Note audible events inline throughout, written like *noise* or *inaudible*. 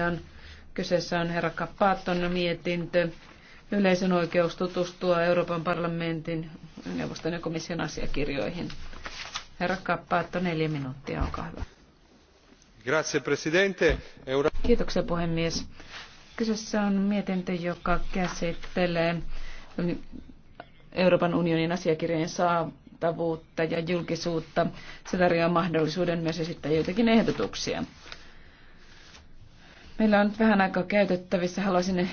tosiaan Kyseessä on herra Kappaatton mietintö Yleisen oikeus tutustua Euroopan parlamentin neuvoston ja komission asiakirjoihin. Herra Kappaatto, neljä minuuttia, olkaa hyvä. Grazie, presidente. Euro- Kiitoksia puhemies. Kyseessä on mietintö, joka käsittelee Euroopan unionin asiakirjojen saatavuutta ja julkisuutta. Se tarjoaa mahdollisuuden myös esittää joitakin ehdotuksia. Meillä on nyt vähän aikaa käytettävissä. Haluaisin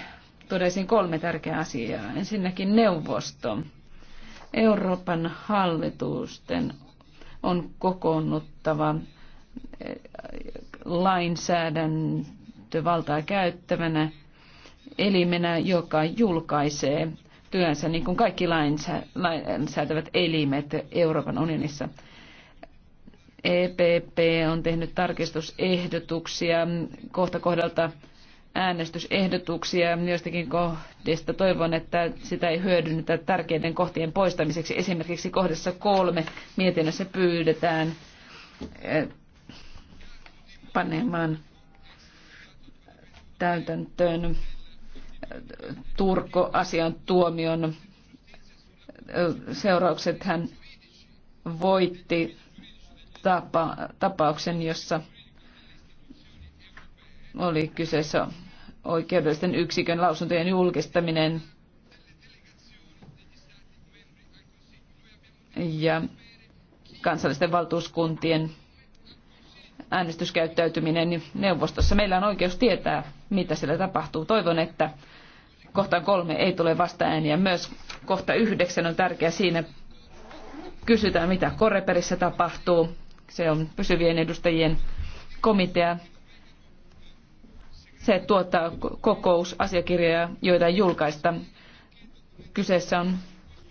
todellisin kolme tärkeää asiaa. Ensinnäkin neuvosto. Euroopan hallitusten on kokoonnuttava eh, lainsäädäntövaltaa käyttävänä elimenä, joka julkaisee työnsä, niin kuin kaikki lainsäätävät elimet Euroopan unionissa – EPP on tehnyt tarkistusehdotuksia, kohta kohdalta äänestysehdotuksia joistakin kohdista. Toivon, että sitä ei hyödynnetä tärkeiden kohtien poistamiseksi. Esimerkiksi kohdassa kolme mietinnössä pyydetään eh, panemaan täytäntöön eh, turko asian tuomion eh, seuraukset hän voitti tapa, tapauksen, jossa oli kyseessä oikeudellisten yksikön lausuntojen julkistaminen. Ja kansallisten valtuuskuntien äänestyskäyttäytyminen neuvostossa. Meillä on oikeus tietää, mitä siellä tapahtuu. Toivon, että kohtaan kolme ei tule ääniä. Myös kohta yhdeksän on tärkeä siinä. Kysytään, mitä Koreperissä tapahtuu se on pysyvien edustajien komitea. Se tuottaa kokousasiakirjoja, joita ei julkaista. Kyseessä on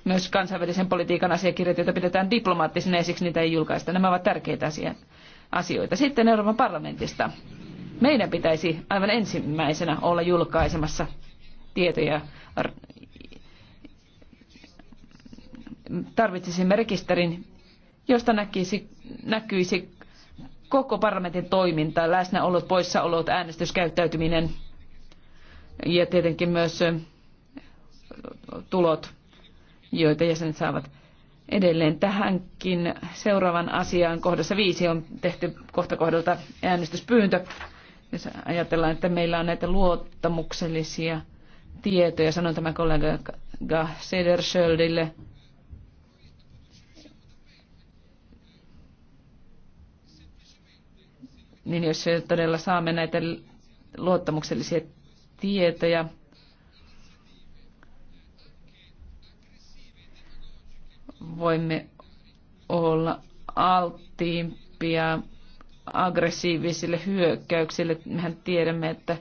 myös kansainvälisen politiikan asiakirjat, joita pidetään diplomaattisina ja siksi niitä ei julkaista. Nämä ovat tärkeitä asioita. Sitten Euroopan parlamentista. Meidän pitäisi aivan ensimmäisenä olla julkaisemassa tietoja. Tarvitsisimme rekisterin, josta näkisi, näkyisi koko parlamentin toiminta, läsnäolot, poissaolot, äänestyskäyttäytyminen ja tietenkin myös tulot, joita jäsenet saavat edelleen tähänkin seuraavan asiaan. Kohdassa viisi on tehty kohta kohdalta äänestyspyyntö. Jos ajatellaan, että meillä on näitä luottamuksellisia tietoja, sanon tämä kollega Sedersköldille, niin jos todella saamme näitä luottamuksellisia tietoja, voimme olla alttiimpia aggressiivisille hyökkäyksille. Mehän tiedämme, että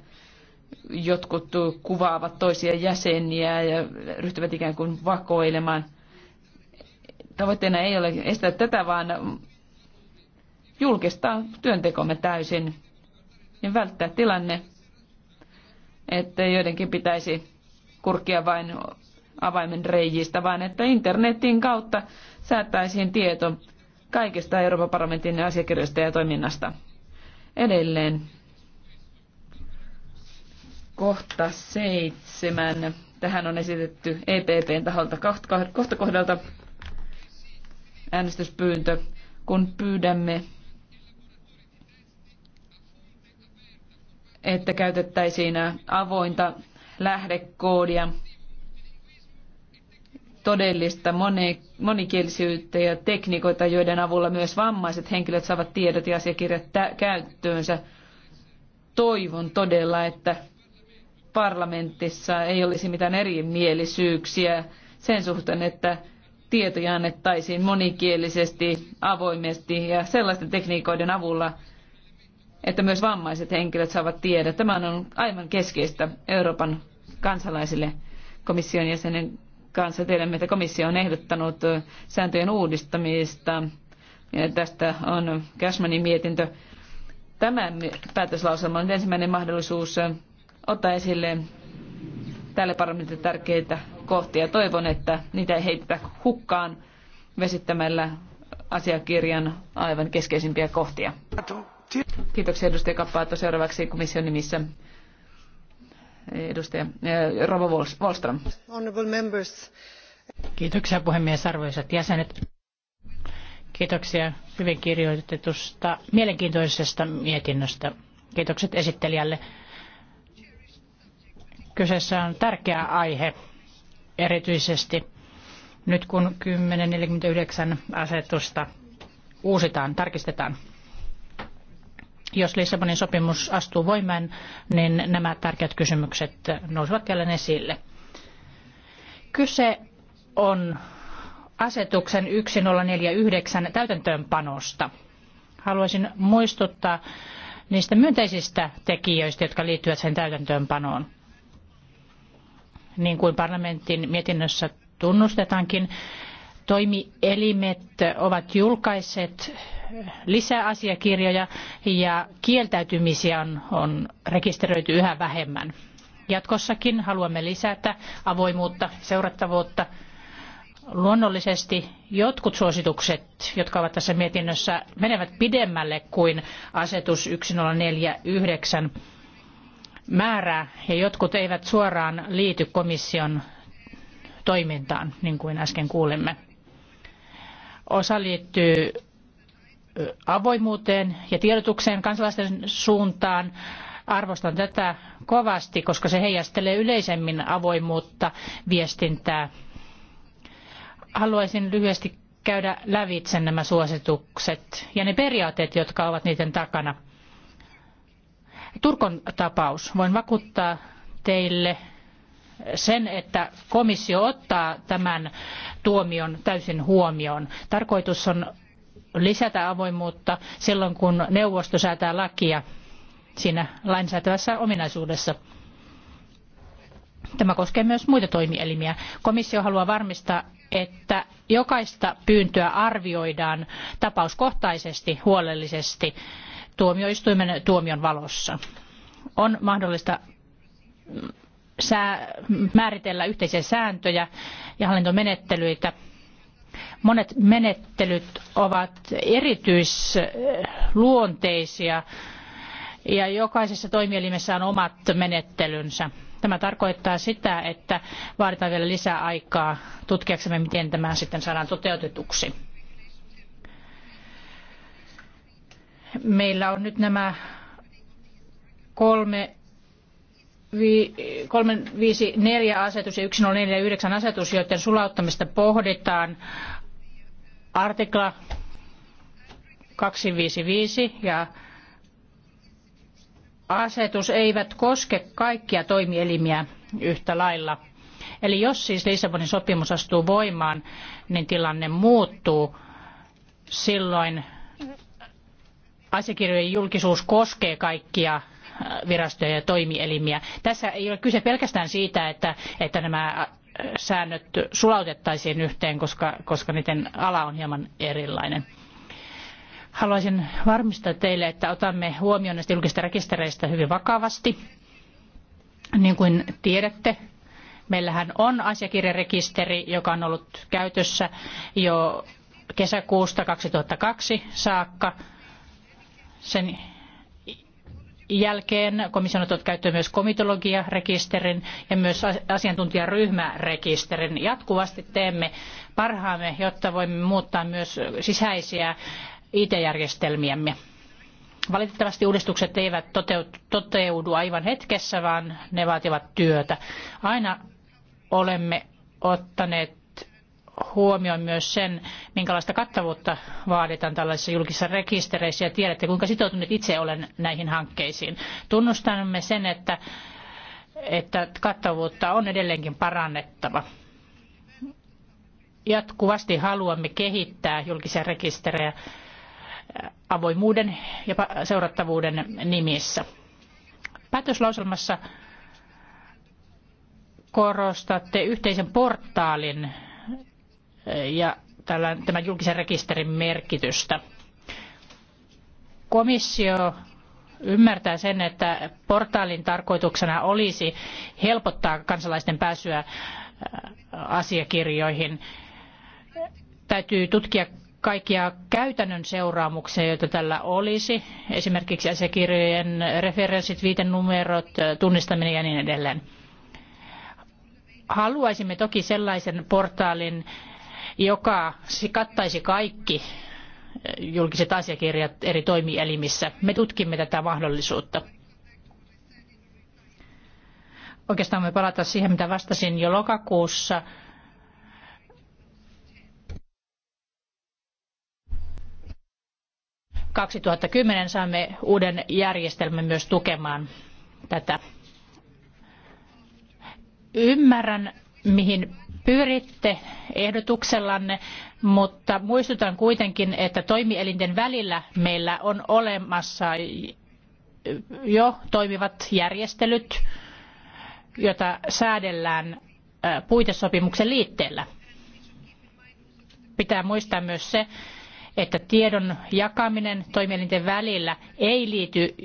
jotkut kuvaavat toisia jäseniä ja ryhtyvät ikään kuin vakoilemaan. Tavoitteena ei ole estää tätä, vaan julkistaa työntekomme täysin ja välttää tilanne, että joidenkin pitäisi kurkia vain avaimen reijistä, vaan että internetin kautta säättäisiin tieto kaikista Euroopan parlamentin asiakirjoista ja toiminnasta. Edelleen kohta seitsemän. Tähän on esitetty EPPn taholta kohta kohdalta äänestyspyyntö, kun pyydämme että käytettäisiin avointa lähdekoodia, todellista monikielisyyttä ja tekniikoita, joiden avulla myös vammaiset henkilöt saavat tiedot ja asiakirjat käyttöönsä. Toivon todella, että parlamentissa ei olisi mitään erimielisyyksiä sen suhteen, että tietoja annettaisiin monikielisesti, avoimesti ja sellaisten tekniikoiden avulla, että myös vammaiset henkilöt saavat tiedä. Tämä on aivan keskeistä Euroopan kansalaisille komission jäsenen kanssa. Tiedämme, että komissio on ehdottanut sääntöjen uudistamista. Ja tästä on Cashmanin mietintö. Tämä päätöslauselma on ensimmäinen mahdollisuus ottaa esille tälle parlamentille tärkeitä kohtia. Toivon, että niitä ei heitetä hukkaan vesittämällä asiakirjan aivan keskeisimpiä kohtia. Kiitoksia edustaja Kappaatto. Seuraavaksi komission nimissä edustaja eh, Rova Wallström. Kiitoksia puhemies, arvoisat jäsenet. Kiitoksia hyvin kirjoitetusta mielenkiintoisesta mietinnöstä. Kiitokset esittelijälle. Kyseessä on tärkeä aihe, erityisesti nyt kun 1049 asetusta uusitaan, tarkistetaan. Jos Lissabonin sopimus astuu voimaan, niin nämä tärkeät kysymykset nousevat jälleen esille. Kyse on asetuksen 1049 täytäntöönpanosta. Haluaisin muistuttaa niistä myönteisistä tekijöistä, jotka liittyvät sen täytäntöönpanoon. Niin kuin parlamentin mietinnössä tunnustetaankin, Toimielimet ovat julkaiset lisäasiakirjoja ja kieltäytymisiä on, on rekisteröity yhä vähemmän. Jatkossakin haluamme lisätä avoimuutta, seurattavuutta. Luonnollisesti jotkut suositukset, jotka ovat tässä mietinnössä, menevät pidemmälle kuin asetus 1049 määrää ja jotkut eivät suoraan liity komission toimintaan, niin kuin äsken kuulimme. Osa liittyy avoimuuteen ja tiedotukseen kansalaisten suuntaan. Arvostan tätä kovasti, koska se heijastelee yleisemmin avoimuutta viestintää. Haluaisin lyhyesti käydä lävitse nämä suositukset ja ne periaatteet, jotka ovat niiden takana. Turkon tapaus. Voin vakuuttaa teille, sen, että komissio ottaa tämän tuomion täysin huomioon. Tarkoitus on lisätä avoimuutta silloin, kun neuvosto säätää lakia siinä lainsäätävässä ominaisuudessa. Tämä koskee myös muita toimielimiä. Komissio haluaa varmistaa, että jokaista pyyntöä arvioidaan tapauskohtaisesti huolellisesti tuomioistuimen tuomion valossa. On mahdollista määritellä yhteisiä sääntöjä ja hallintomenettelyitä. Monet menettelyt ovat erityisluonteisia ja jokaisessa toimielimessä on omat menettelynsä. Tämä tarkoittaa sitä, että vaaditaan vielä lisää aikaa tutkiaksemme, miten tämä sitten saadaan toteutetuksi. Meillä on nyt nämä kolme 354 asetus ja 1049 asetus, joiden sulauttamista pohditaan. Artikla 255 ja asetus eivät koske kaikkia toimielimiä yhtä lailla. Eli jos siis Lissabonin sopimus astuu voimaan, niin tilanne muuttuu. Silloin asiakirjojen julkisuus koskee kaikkia virastoja ja toimielimiä. Tässä ei ole kyse pelkästään siitä, että, että nämä säännöt sulautettaisiin yhteen, koska, koska niiden ala on hieman erilainen. Haluaisin varmistaa teille, että otamme huomioon näistä julkisista rekistereistä hyvin vakavasti. Niin kuin tiedätte, meillähän on asiakirjarekisteri, joka on ollut käytössä jo kesäkuusta 2002 saakka. Sen jälkeen komission on ottanut käyttöön myös komitologiarekisterin ja myös asiantuntijaryhmärekisterin. Jatkuvasti teemme parhaamme, jotta voimme muuttaa myös sisäisiä IT-järjestelmiämme. Valitettavasti uudistukset eivät toteudu aivan hetkessä, vaan ne vaativat työtä. Aina olemme ottaneet huomioon myös sen, minkälaista kattavuutta vaaditaan tällaisissa julkisissa rekistereissä ja tiedätte, kuinka sitoutunut itse olen näihin hankkeisiin. Tunnustamme sen, että, että kattavuutta on edelleenkin parannettava. Jatkuvasti haluamme kehittää julkisia rekisterejä avoimuuden ja seurattavuuden nimissä. Päätöslauselmassa korostatte yhteisen portaalin ja tämän julkisen rekisterin merkitystä. Komissio ymmärtää sen, että portaalin tarkoituksena olisi helpottaa kansalaisten pääsyä äh, asiakirjoihin. Täytyy tutkia kaikkia käytännön seuraamuksia, joita tällä olisi, esimerkiksi asiakirjojen referenssit, viitenumerot, äh, tunnistaminen ja niin edelleen. Haluaisimme toki sellaisen portaalin, joka kattaisi kaikki eh, julkiset asiakirjat eri toimielimissä. Me tutkimme tätä mahdollisuutta. Oikeastaan me palata siihen, mitä vastasin jo lokakuussa. kymmenen saamme uuden järjestelmän myös tukemaan tätä. Ymmärrän, mihin pyritte ehdotuksellanne, mutta muistutan kuitenkin, että toimielinten välillä meillä on olemassa jo toimivat järjestelyt, jota säädellään puitesopimuksen liitteellä. Pitää muistaa myös se, että tiedon jakaminen toimielinten välillä ei liity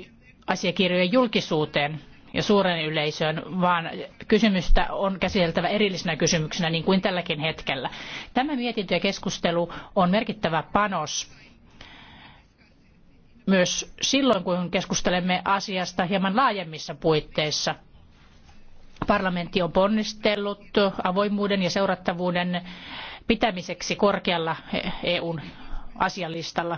asiakirjojen julkisuuteen ja suuren yleisöön, vaan kysymystä on käsiteltävä erillisenä kysymyksenä niin kuin tälläkin hetkellä. Tämä mietintö ja keskustelu on merkittävä panos myös silloin, kun keskustelemme asiasta hieman laajemmissa puitteissa. Parlamentti on ponnistellut avoimuuden ja seurattavuuden pitämiseksi korkealla EUn asialistalla.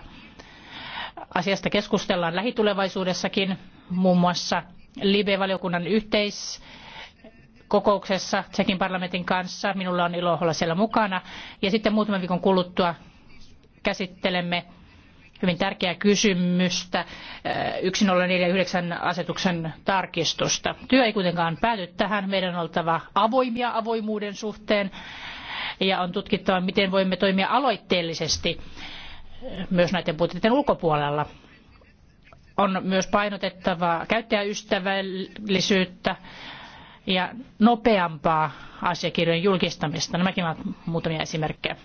Asiasta keskustellaan lähitulevaisuudessakin muun muassa Libe-valiokunnan yhteiskokouksessa Tsekin parlamentin kanssa. Minulla on ilo olla siellä mukana. Ja sitten muutaman viikon kuluttua käsittelemme hyvin tärkeää kysymystä 1049 eh, asetuksen tarkistusta. Työ ei kuitenkaan pääty tähän. Meidän on oltava avoimia avoimuuden suhteen ja on tutkittava, miten voimme toimia aloitteellisesti eh, myös näiden puitteiden ulkopuolella on myös painotettava käyttäjäystävällisyyttä ja nopeampaa asiakirjojen julkistamista. Nämäkin ovat muutamia esimerkkejä.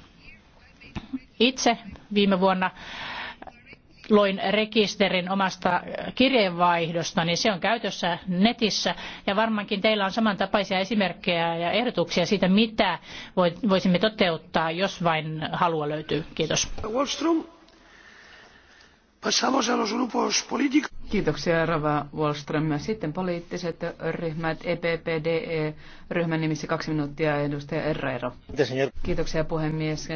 Itse viime vuonna loin rekisterin omasta kirjeenvaihdosta, niin se on käytössä netissä ja varmaankin teillä on samantapaisia esimerkkejä ja ehdotuksia siitä, mitä voisimme toteuttaa, jos vain halua löytyy. Kiitos. Wallström a los grupos políticos. Kiitoksia Rava Wallström. Sitten poliittiset ryhmät, EPPDE, e ryhmän nimissä kaksi minuuttia, edustaja Herrero. Kiitoksia puhemies,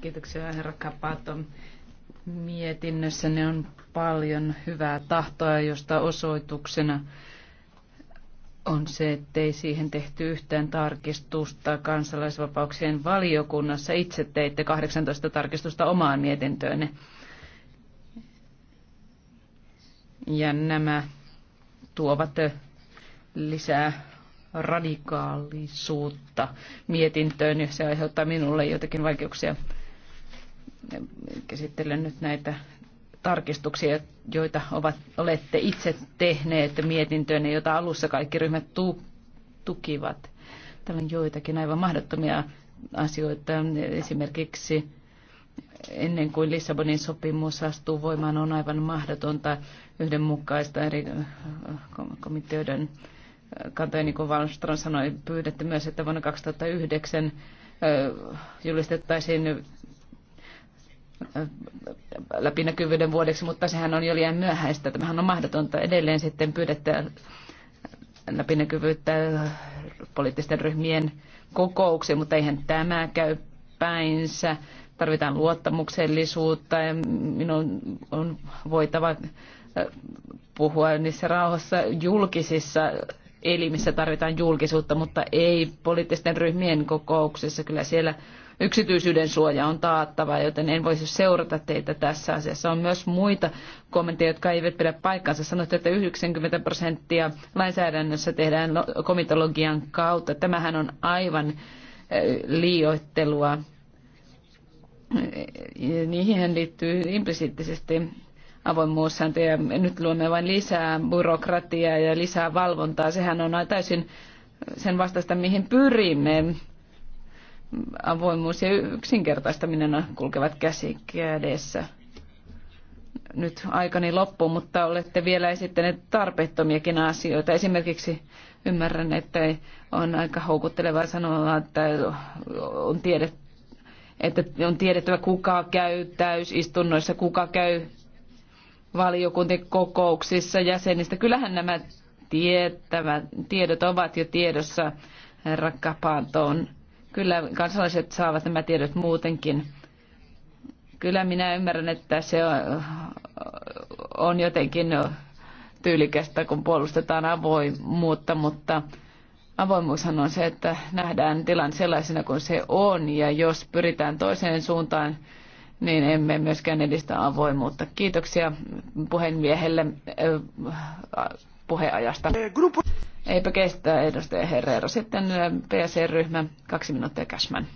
kiitoksia herra Kapato. Mietinnössäni on paljon hyvää tahtoa, josta osoituksena on se, ettei siihen tehty yhtään tarkistusta kansalaisvapauksien valiokunnassa. Itse teitte 18 tarkistusta omaan mietintöönne. Ja nämä tuovat lisää radikaalisuutta mietintöön ja se aiheuttaa minulle jotakin vaikeuksia. Käsittelen nyt näitä tarkistuksia, joita ovat, olette itse tehneet mietintöön ja joita alussa kaikki ryhmät tu, tukivat. Täällä on joitakin aivan mahdottomia asioita, esimerkiksi ennen kuin Lissabonin sopimus astuu voimaan, on aivan mahdotonta yhdenmukaista eri äh, komiteoiden äh, kantoja, niin kuin Wallström sanoi, pyydetty myös, että vuonna 2009 äh, julistettaisiin läpinäkyvyyden vuodeksi, mutta sehän on jo liian myöhäistä. Tämähän on mahdotonta edelleen sitten pyydettä läpinäkyvyyttä poliittisten ryhmien kokouksiin, mutta eihän tämä käy päinsä tarvitaan luottamuksellisuutta ja minun on voitava äh, puhua niissä rauhassa julkisissa elimissä tarvitaan julkisuutta, mutta ei poliittisten ryhmien kokouksissa. Kyllä siellä yksityisyyden suoja on taattava, joten en voisi seurata teitä tässä asiassa. On myös muita kommentteja, jotka eivät pidä paikkaansa. Sanoitte, että 90 prosenttia lainsäädännössä tehdään komitologian kautta. Tämähän on aivan äh, liioittelua niihin liittyy implisiittisesti avoimuussääntöjä. Nyt luomme vain lisää byrokratiaa ja lisää valvontaa. Sehän on täysin sen vastaista, mihin pyrimme. Avoimuus ja yksinkertaistaminen kulkevat käsi kädessä. Nyt aikani loppuu, mutta olette vielä esittäneet tarpeettomiakin asioita. Esimerkiksi ymmärrän, että on aika houkuttelevaa sanoa, että on tiedet että on tiedettävä kuka käy täysistunnoissa, kuka käy valiokuntien kokouksissa, jäsenistä. Kyllähän nämä tiettävät, tiedot ovat jo tiedossa, rakkapaantoon. Kyllä kansalaiset saavat nämä tiedot muutenkin. Kyllä minä ymmärrän, että se on, on jotenkin tyylikästä, kun puolustetaan avoimuutta, mutta Avoimuushan on se, että nähdään tilan sellaisena kuin se on ja jos pyritään toiseen suuntaan, niin emme myöskään edistä avoimuutta. Kiitoksia puheenmiehelle äh, puheajasta. Eipä kestää edustaja Herrero. Sitten PSR-ryhmä, kaksi minuuttia käsmän.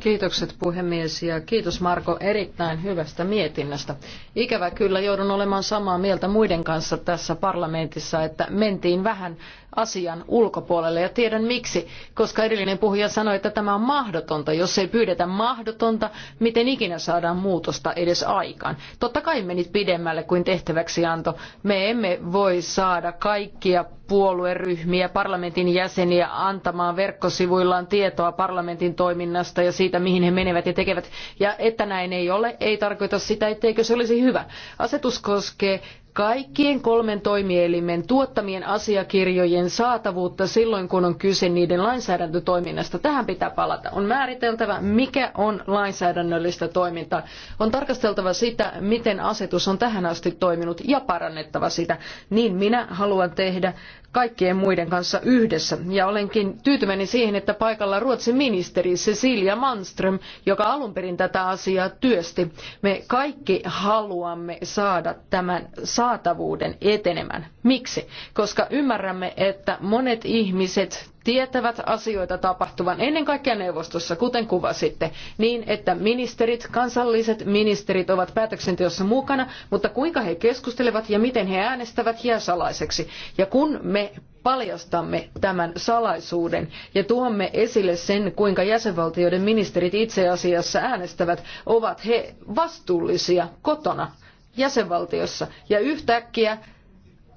Kiitokset puhemies ja kiitos Marko erittäin hyvästä mietinnästä. Ikävä kyllä joudun olemaan samaa mieltä muiden kanssa tässä parlamentissa, että mentiin vähän asian ulkopuolelle ja tiedän miksi, koska edellinen puhuja sanoi, että tämä on mahdotonta. Jos ei pyydetä mahdotonta, miten ikinä saadaan muutosta edes aikaan? Totta kai menit pidemmälle kuin tehtäväksi anto. Me emme voi saada kaikkia puolueryhmiä, parlamentin jäseniä antamaan verkkosivuillaan tietoa parlamentin toiminnasta ja siitä, mihin he menevät ja tekevät. Ja että näin ei ole, ei tarkoita sitä, etteikö se olisi hyvä. Asetus koskee kaikkien kolmen toimielimen tuottamien asiakirjojen saatavuutta silloin, kun on kyse niiden lainsäädäntötoiminnasta. Tähän pitää palata. On määriteltävä, mikä on lainsäädännöllistä toimintaa. On tarkasteltava sitä, miten asetus on tähän asti toiminut ja parannettava sitä. Niin minä haluan tehdä, kaikkien muiden kanssa yhdessä. Ja olenkin tyytyväinen siihen, että paikalla Ruotsin ministeri Cecilia Manström, joka alun perin tätä asiaa työsti. Me kaikki haluamme saada tämän saatavuuden etenemään. Miksi? Koska ymmärrämme, että monet ihmiset tietävät asioita tapahtuvan ennen kaikkea neuvostossa, kuten kuvasitte, niin että ministerit, kansalliset ministerit ovat päätöksenteossa mukana, mutta kuinka he keskustelevat ja miten he äänestävät jää salaiseksi. Ja kun me paljastamme tämän salaisuuden ja tuomme esille sen, kuinka jäsenvaltioiden ministerit itse asiassa äänestävät, ovat he vastuullisia kotona jäsenvaltiossa ja yhtäkkiä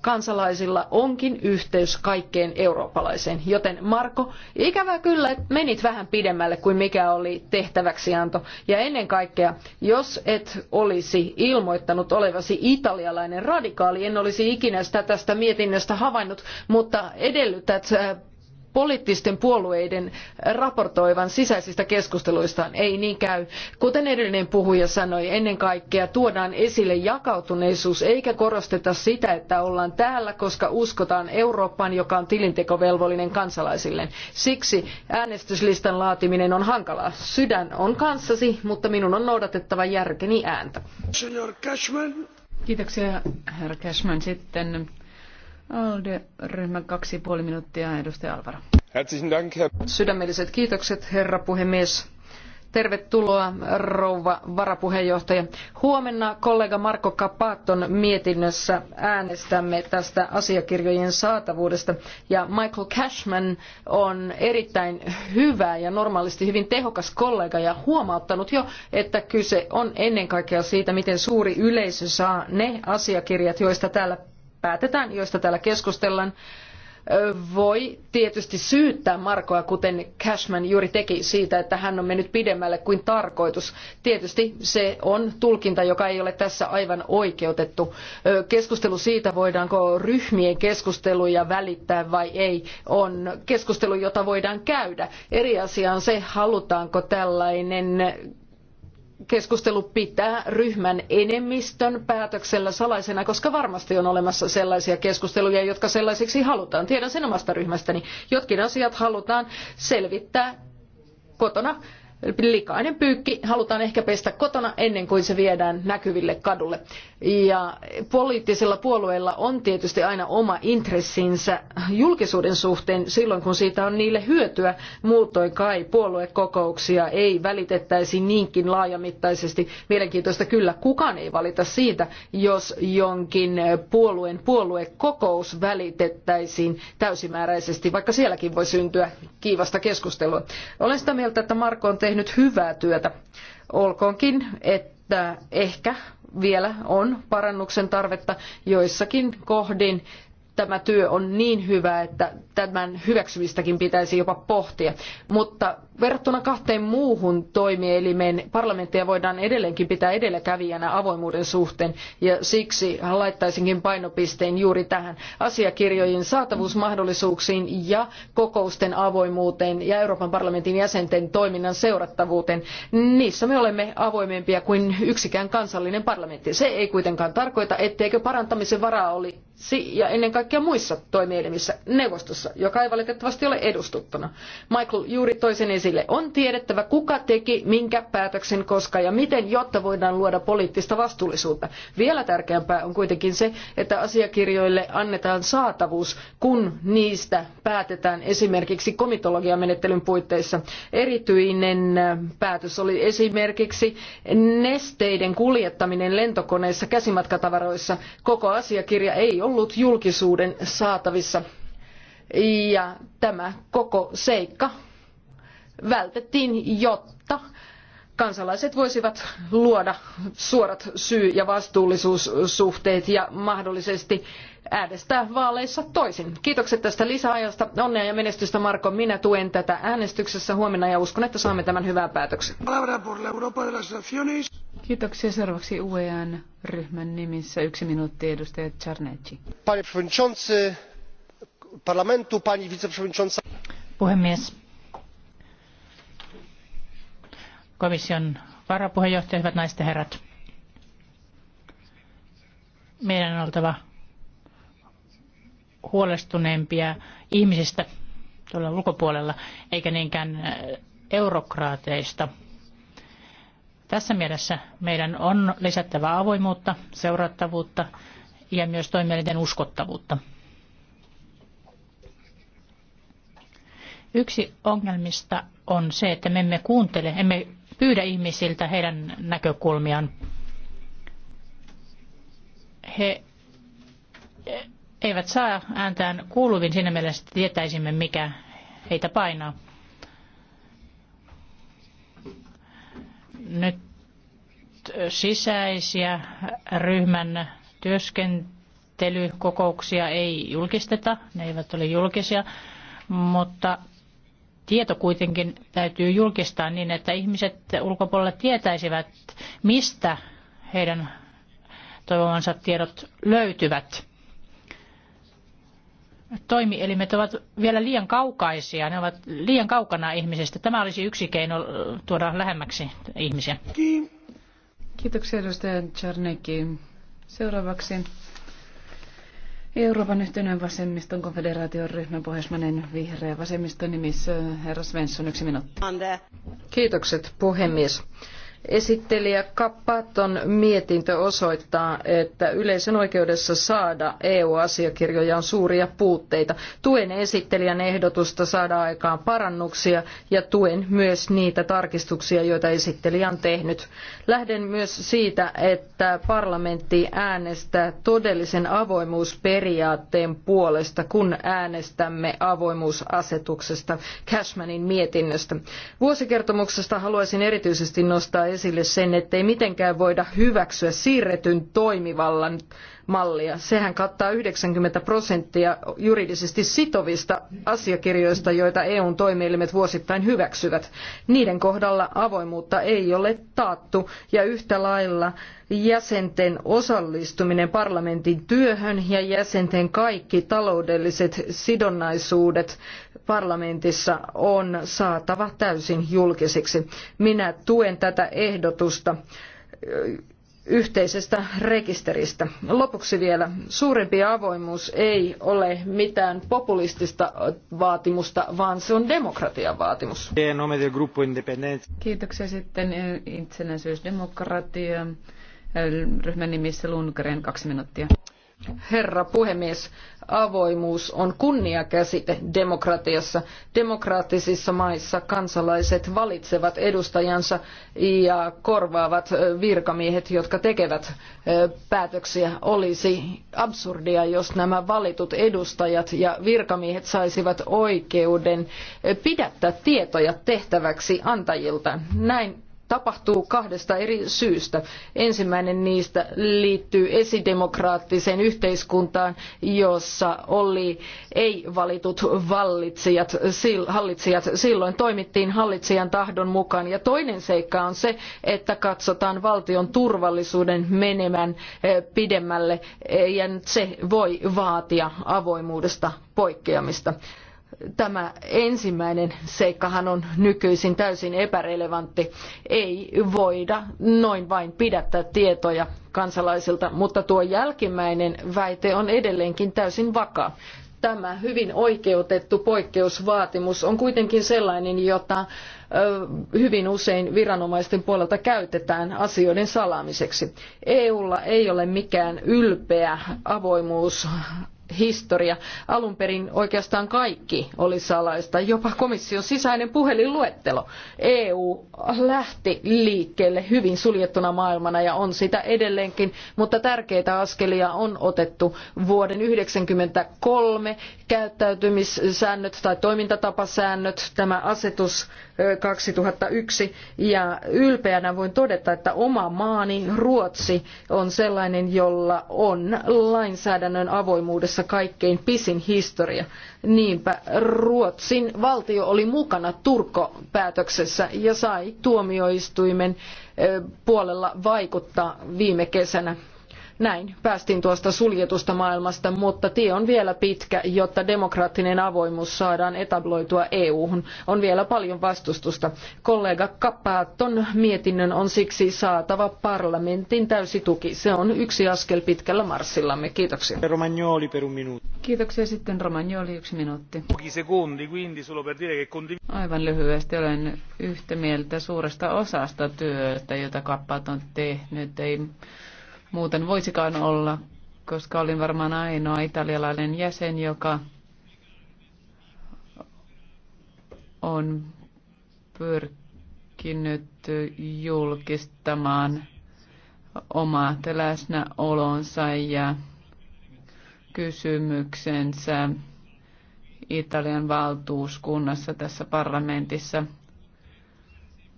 kansalaisilla onkin yhteys kaikkeen eurooppalaiseen. Joten Marko, ikävä kyllä menit vähän pidemmälle kuin mikä oli tehtäväksianto. Ja ennen kaikkea, jos et olisi ilmoittanut olevasi italialainen radikaali, en olisi ikinä sitä tästä mietinnöstä havainnut, mutta edellytät äh, poliittisten puolueiden raportoivan sisäisistä keskusteluistaan. Ei niin käy. Kuten edellinen puhuja sanoi, ennen kaikkea tuodaan esille jakautuneisuus eikä korosteta sitä, että ollaan täällä, koska uskotaan Eurooppaan, joka on tilintekovelvollinen kansalaisilleen. Siksi äänestyslistan laatiminen on hankalaa. Sydän on kanssasi, mutta minun on noudatettava järkeni ääntä. Kiitoksia, herra Cashman. Sitten ALDE-ryhmän kaksi puoli minuuttia, edustaja Alvaro. Sydämelliset kiitokset, herra puhemies. Tervetuloa, rouva varapuheenjohtaja. Huomenna kollega Marko Kapaton mietinnössä äänestämme tästä asiakirjojen saatavuudesta. Ja Michael Cashman on erittäin hyvä ja normaalisti hyvin tehokas kollega ja huomauttanut jo, että kyse on ennen kaikkea siitä, miten suuri yleisö saa ne asiakirjat, joista täällä päätetään, joista täällä keskustellaan, voi tietysti syyttää Markoa, kuten Cashman juuri teki siitä, että hän on mennyt pidemmälle kuin tarkoitus. Tietysti se on tulkinta, joka ei ole tässä aivan oikeutettu. Keskustelu siitä, voidaanko ryhmien keskusteluja välittää vai ei, on keskustelu, jota voidaan käydä. Eri asia on se, halutaanko tällainen keskustelu pitää ryhmän enemmistön päätöksellä salaisena, koska varmasti on olemassa sellaisia keskusteluja, jotka sellaisiksi halutaan. Tiedän sen omasta ryhmästäni. Jotkin asiat halutaan selvittää kotona likainen pyykki halutaan ehkä pestä kotona ennen kuin se viedään näkyville kadulle. Ja poliittisilla puolueilla on tietysti aina oma intressinsä julkisuuden suhteen silloin, kun siitä on niille hyötyä. Muutoin kai puoluekokouksia ei välitettäisi niinkin laajamittaisesti. Mielenkiintoista kyllä, kukaan ei valita siitä, jos jonkin puolueen puoluekokous välitettäisiin täysimääräisesti, vaikka sielläkin voi syntyä kiivasta keskustelua. Olen sitä mieltä, että Marko on tehnyt tehnyt hyvää työtä. Olkoonkin, että ehkä vielä on parannuksen tarvetta joissakin kohdin tämä työ on niin hyvä, että tämän hyväksymistäkin pitäisi jopa pohtia. Mutta verrattuna kahteen muuhun toimielimeen parlamenttia voidaan edelleenkin pitää edelläkävijänä avoimuuden suhteen ja siksi laittaisinkin painopisteen juuri tähän asiakirjojen saatavuusmahdollisuuksiin ja kokousten avoimuuteen ja Euroopan parlamentin jäsenten toiminnan seurattavuuteen. Niissä me olemme avoimempia kuin yksikään kansallinen parlamentti. Se ei kuitenkaan tarkoita, etteikö parantamisen varaa oli, ja ennen kaikkea muissa toimielimissä neuvostossa, joka ei valitettavasti ole edustuttuna. Michael juuri toi sen esille. On tiedettävä, kuka teki minkä päätöksen, koska ja miten, jotta voidaan luoda poliittista vastuullisuutta. Vielä tärkeämpää on kuitenkin se, että asiakirjoille annetaan saatavuus, kun niistä päätetään esimerkiksi komitologiamenettelyn puitteissa. Erityinen päätös oli esimerkiksi nesteiden kuljettaminen lentokoneissa käsimatkatavaroissa. Koko asiakirja ei ollut ollut julkisuuden saatavissa. Ja tämä koko seikka vältettiin, jotta kansalaiset voisivat luoda suorat syy- ja vastuullisuussuhteet ja mahdollisesti äänestää vaaleissa toisin. Kiitokset tästä lisäajasta. Onnea ja menestystä Marko. Minä tuen tätä äänestyksessä huomenna ja uskon, että saamme tämän hyvään päätöksen. Kiitoksia. Seuraavaksi UEN-ryhmän nimissä yksi minuutti edustaja Czarnecki. Panie przewodniczący parlamentu, pani wiceprzewodnicząca. Puhemies. Komission varapuheenjohtaja, hyvät naiset ja herrat. Meidän on oltava huolestuneempia ihmisistä tuolla ulkopuolella, eikä niinkään eurokraateista – tässä mielessä meidän on lisättävä avoimuutta, seurattavuutta ja myös toimielinten uskottavuutta. Yksi ongelmista on se, että me emme kuuntele, emme pyydä ihmisiltä heidän näkökulmiaan. He eivät saa ääntään kuuluvin siinä mielessä, että tietäisimme, mikä heitä painaa. nyt sisäisiä ryhmän työskentelykokouksia ei julkisteta, ne eivät ole julkisia, mutta tieto kuitenkin täytyy julkistaa niin, että ihmiset ulkopuolella tietäisivät, mistä heidän toivomansa tiedot löytyvät toimielimet ovat vielä liian kaukaisia, ne ovat liian kaukana ihmisestä. Tämä olisi yksi keino tuoda lähemmäksi ihmisiä. Kiitoksia edustaja Czarnecki. Seuraavaksi Euroopan yhteinen vasemmiston konfederaation ryhmän pohjoismainen vihreä vasemmiston nimissä herra Svensson yksi minuutti. Kiitokset puhemies. Esittelijä Kappaton mietintö osoittaa, että yleisön oikeudessa saada EU-asiakirjoja on suuria puutteita. Tuen esittelijän ehdotusta saada aikaan parannuksia ja tuen myös niitä tarkistuksia, joita esittelijä on tehnyt. Lähden myös siitä, että parlamentti äänestää todellisen avoimuusperiaatteen puolesta, kun äänestämme avoimuusasetuksesta Cashmanin mietinnöstä. Vuosikertomuksesta haluaisin erityisesti nostaa esille sen, ettei mitenkään voida hyväksyä siirretyn toimivallan mallia. Sehän kattaa 90 prosenttia juridisesti sitovista asiakirjoista, joita EUn toimielimet vuosittain hyväksyvät. Niiden kohdalla avoimuutta ei ole taattu ja yhtä lailla jäsenten osallistuminen parlamentin työhön ja jäsenten kaikki taloudelliset sidonnaisuudet parlamentissa on saatava täysin julkisiksi. Minä tuen tätä ehdotusta yhteisestä rekisteristä. Lopuksi vielä, suurempi avoimuus ei ole mitään populistista vaatimusta, vaan se on demokratian vaatimus. E, Kiitoksia sitten e, itsenäisyysdemokratia. E, ryhmän nimissä Lundgren, kaksi minuuttia. Herra puhemies, avoimuus on kunniakäsite demokratiassa. Demokraattisissa maissa kansalaiset valitsevat edustajansa ja korvaavat virkamiehet, jotka tekevät päätöksiä. Olisi absurdia, jos nämä valitut edustajat ja virkamiehet saisivat oikeuden pidättää tietoja tehtäväksi antajilta. Näin tapahtuu kahdesta eri syystä. Ensimmäinen niistä liittyy esidemokraattiseen yhteiskuntaan, jossa oli ei-valitut vallitsijat, hallitsijat. Silloin toimittiin hallitsijan tahdon mukaan. Ja toinen seikka on se, että katsotaan valtion turvallisuuden menemään eh, pidemmälle eh, ja se voi vaatia avoimuudesta poikkeamista. Tämä ensimmäinen seikkahan on nykyisin täysin epärelevantti. Ei voida noin vain pidättää tietoja kansalaisilta, mutta tuo jälkimmäinen väite on edelleenkin täysin vakaa tämä hyvin oikeutettu poikkeusvaatimus on kuitenkin sellainen, jota hyvin usein viranomaisten puolelta käytetään asioiden salaamiseksi. EUlla ei ole mikään ylpeä avoimuus historia. Alun perin oikeastaan kaikki oli salaista, jopa komission sisäinen puhelinluettelo. EU lähti liikkeelle hyvin suljettuna maailmana ja on sitä edelleenkin, mutta tärkeitä askelia on otettu vuoden 1993 käyttäytymissäännöt tai toimintatapasäännöt, tämä asetus 2001 ja ylpeänä voin todeta, että oma maani Ruotsi on sellainen, jolla on lainsäädännön avoimuudessa kaikkein pisin historia. Niinpä Ruotsin valtio oli mukana turkko päätöksessä ja sai tuomioistuimen puolella vaikuttaa viime kesänä näin päästiin tuosta suljetusta maailmasta, mutta tie on vielä pitkä, jotta demokraattinen avoimuus saadaan etabloitua EU-hun. On vielä paljon vastustusta. Kollega Kappaatton mietinnön on siksi saatava parlamentin täysi tuki. Se on yksi askel pitkällä marssillamme. Kiitoksia. Romagnoli per un Kiitoksia sitten Romagnoli yksi minuutti. Aivan lyhyesti olen yhtä mieltä suuresta osasta työstä, jota Kappaat on tehnyt. Ei muuten voisikaan olla, koska olin varmaan ainoa italialainen jäsen, joka on pyrkinyt julkistamaan omat läsnäolonsa ja kysymyksensä Italian valtuuskunnassa tässä parlamentissa –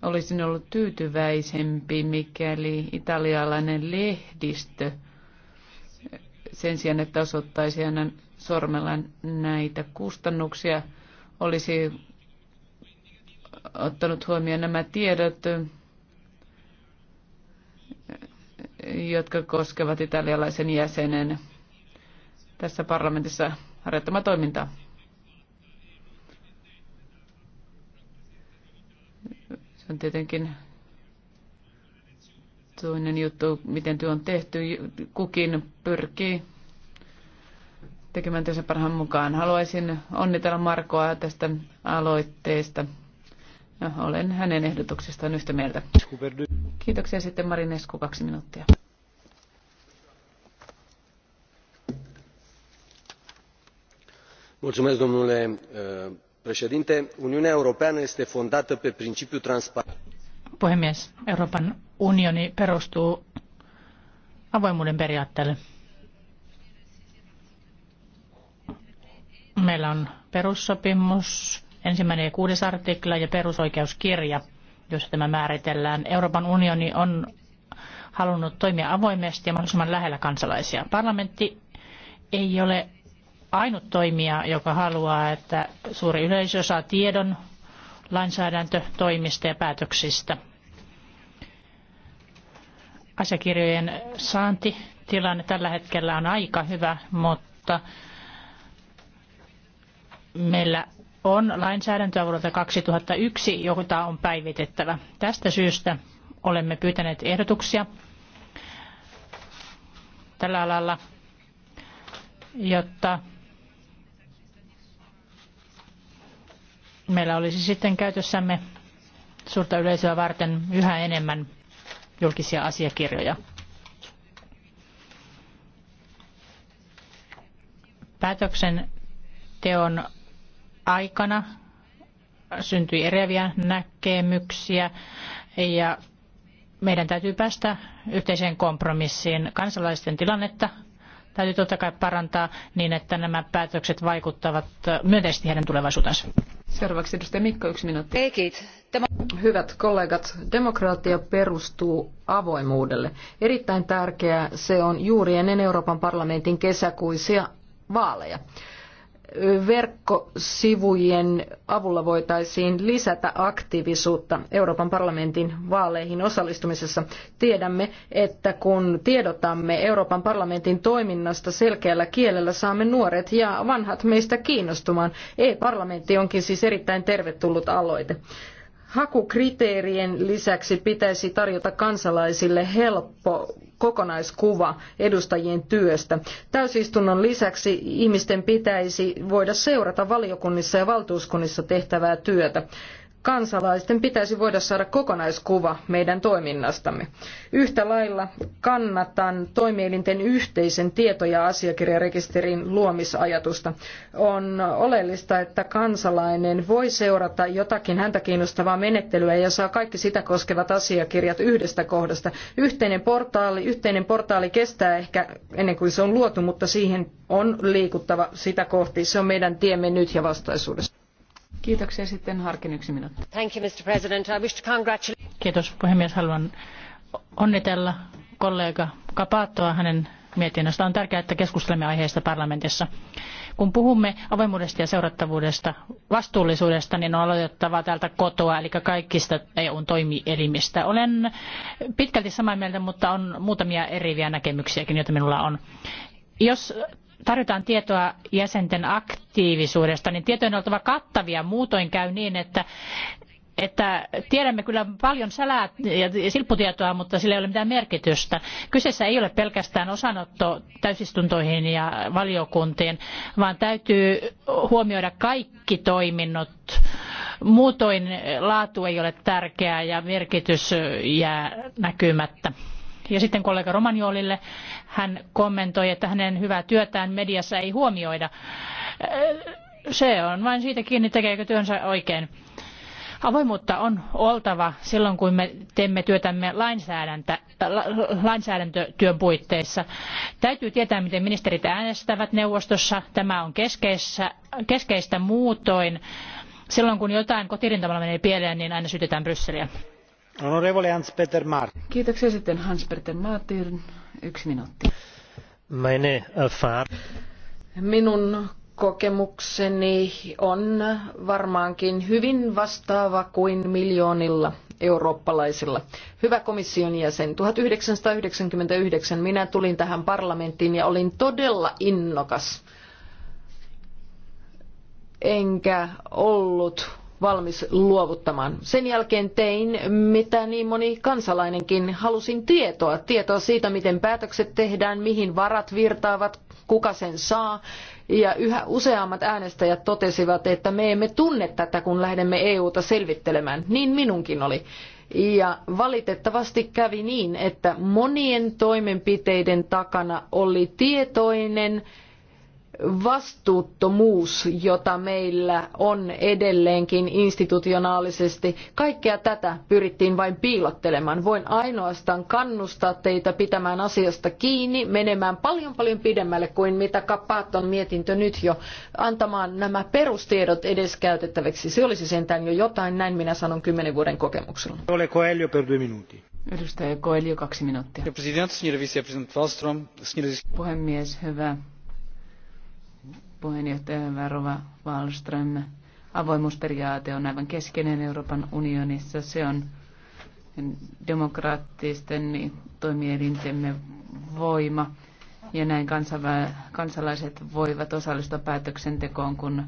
Olisin ollut tyytyväisempi, mikäli italialainen lehdistö sen sijaan, että osoittaisi aina sormella näitä kustannuksia, olisi ottanut huomioon nämä tiedot, jotka koskevat italialaisen jäsenen tässä parlamentissa harjoittama toimintaa. Se on tietenkin toinen juttu, miten työ on tehty. Kukin pyrkii tekemään työnsä parhaan mukaan. Haluaisin onnitella Markoa tästä aloitteesta. Ja olen hänen ehdotuksestaan yhtä mieltä. Kiitoksia sitten Marin Esku, kaksi minuuttia. Mulțumesc, domnule uh, uniunea europeană este fondată pe principiul transparenței. puhemies euroopan unioni perustuu periaatteelle. meillä on perussopimus ensimmäinen ja kuudes artikla ja perusoikeuskirja jossa tämä määritellään. euroopan unioni on halunnut toimia avoimesti ja parlamentti ei ole ainut toimija, joka haluaa, että suuri yleisö saa tiedon lainsäädäntötoimista ja päätöksistä. Asiakirjojen saantitilanne tällä hetkellä on aika hyvä, mutta meillä on lainsäädäntöä vuodelta 2001, jota on päivitettävä. Tästä syystä olemme pyytäneet ehdotuksia tällä alalla, jotta meillä olisi sitten käytössämme suurta yleisöä varten yhä enemmän julkisia asiakirjoja. Päätöksenteon aikana syntyi eriäviä näkemyksiä ja meidän täytyy päästä yhteiseen kompromissiin. Kansalaisten tilannetta täytyy totta kai parantaa niin, että nämä päätökset vaikuttavat myönteisesti heidän tulevaisuutensa. Seuraavaksi edustaja Mikko, yksi minuutti. Hyvät kollegat, demokratia perustuu avoimuudelle. Erittäin tärkeää se on juuri ennen Euroopan parlamentin kesäkuisia vaaleja verkkosivujen avulla voitaisiin lisätä aktiivisuutta Euroopan parlamentin vaaleihin osallistumisessa. Tiedämme, että kun tiedotamme Euroopan parlamentin toiminnasta selkeällä kielellä, saamme nuoret ja vanhat meistä kiinnostumaan. E-parlamentti onkin siis erittäin tervetullut aloite. Hakukriteerien lisäksi pitäisi tarjota kansalaisille helppo kokonaiskuva edustajien työstä. Täysistunnon lisäksi ihmisten pitäisi voida seurata valiokunnissa ja valtuuskunnissa tehtävää työtä kansalaisten pitäisi voida saada kokonaiskuva meidän toiminnastamme. Yhtä lailla kannatan toimielinten yhteisen tieto- ja asiakirjarekisterin luomisajatusta. On oleellista, että kansalainen voi seurata jotakin häntä kiinnostavaa menettelyä ja saa kaikki sitä koskevat asiakirjat yhdestä kohdasta. Yhteinen portaali, yhteinen portaali kestää ehkä ennen kuin se on luotu, mutta siihen on liikuttava sitä kohti. Se on meidän tiemme nyt ja vastaisuudessa. Kiitoksia sitten Harkin yksi minuutti. Thank you, Mr. President. I wish to congratulate... Kiitos puhemies. Haluan onnitella kollega Kapattoa hänen mietinnöstä. On tärkeää, että keskustelemme aiheesta parlamentissa. Kun puhumme avoimuudesta ja seurattavuudesta, vastuullisuudesta, niin on aloitettava täältä kotoa, eli kaikista EUn toimielimistä. Olen pitkälti samaa mieltä, mutta on muutamia eriviä näkemyksiäkin, joita minulla on. Jos tarjotaan tietoa jäsenten aktiivisuudesta, niin tietojen on oltava kattavia. Muutoin käy niin, että, että tiedämme kyllä paljon sälää ja silpputietoa, mutta sillä ei ole mitään merkitystä. Kyseessä ei ole pelkästään osanotto täysistuntoihin ja valiokuntiin, vaan täytyy huomioida kaikki toiminnot. Muutoin laatu ei ole tärkeää ja merkitys jää näkymättä. Ja sitten kollega Romaniolille hän kommentoi, että hänen hyvää työtään mediassa ei huomioida. Se on vain siitä kiinni, tekeekö työnsä oikein. Avoimuutta on oltava silloin, kun me teemme työtämme lainsäädäntö, lainsäädäntötyön puitteissa. Täytyy tietää, miten ministerit äänestävät neuvostossa. Tämä on keskeistä muutoin. Silloin, kun jotain kotirintamalla menee pieleen, niin aina syytetään Brysseliä. Hans Peter Martin. Äh, Minun kokemukseni on varmaankin hyvin vastaava kuin miljoonilla eurooppalaisilla. Hyvä komission jäsen, 1999 minä tulin tähän parlamenttiin ja olin todella innokas. Enkä ollut valmis luovuttamaan. Sen jälkeen tein, mitä niin moni kansalainenkin halusin tietoa. Tietoa siitä, miten päätökset tehdään, mihin varat virtaavat, kuka sen saa. Ja yhä useammat äänestäjät totesivat, että me emme tunne tätä, kun lähdemme EUta selvittelemään. Niin minunkin oli. Ja valitettavasti kävi niin, että monien toimenpiteiden takana oli tietoinen vastuuttomuus, jota meillä on edelleenkin institutionaalisesti. Kaikkea tätä pyrittiin vain piilottelemaan. Voin ainoastaan kannustaa teitä pitämään asiasta kiinni, menemään paljon paljon pidemmälle kuin mitä Kapaaton mietintö nyt jo, antamaan nämä perustiedot edes käytettäväksi. Se olisi sentään jo jotain, näin minä sanon kymmenen vuoden kokemuksella. Ole Coelho per due minuti. Edustaja Coelho, kaksi minuuttia. Puhemies, hyvä puheenjohtaja Rova Wallström. Avoimuusperiaate on aivan keskeinen Euroopan unionissa. Se on demokraattisten toimielintemme voima ja näin kansalaiset voivat osallistua päätöksentekoon, kun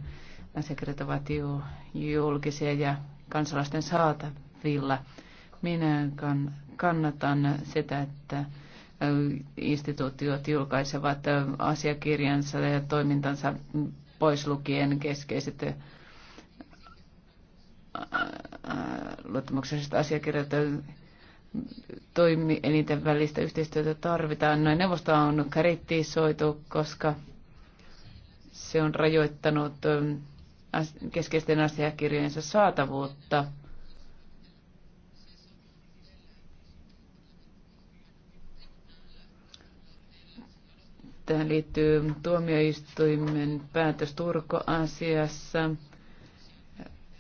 asiakirjat ovat ju- julkisia ja kansalaisten saatavilla. Minä kannatan sitä, että instituutiot julkaisevat asiakirjansa ja toimintansa pois lukien keskeiset äh, äh, luottamukselliset asiakirjat eniten välistä yhteistyötä tarvitaan. Noin neuvosto on kritisoitu, koska se on rajoittanut äh, keskeisten asiakirjojensa saatavuutta Tähän liittyy tuomioistuimen päätös Turko-asiassa,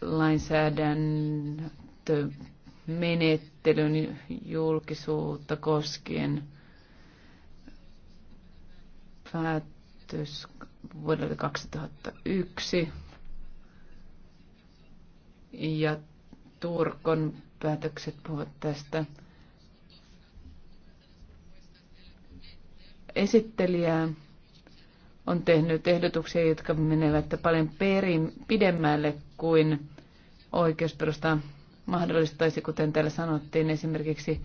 lainsäädäntömenettelyn julkisuutta koskien päätös vuodelta 2001 ja Turkon päätökset puhuvat tästä esittelijää on tehnyt ehdotuksia, jotka menevät paljon perin, pidemmälle kuin oikeusperusta mahdollistaisi, kuten täällä sanottiin, esimerkiksi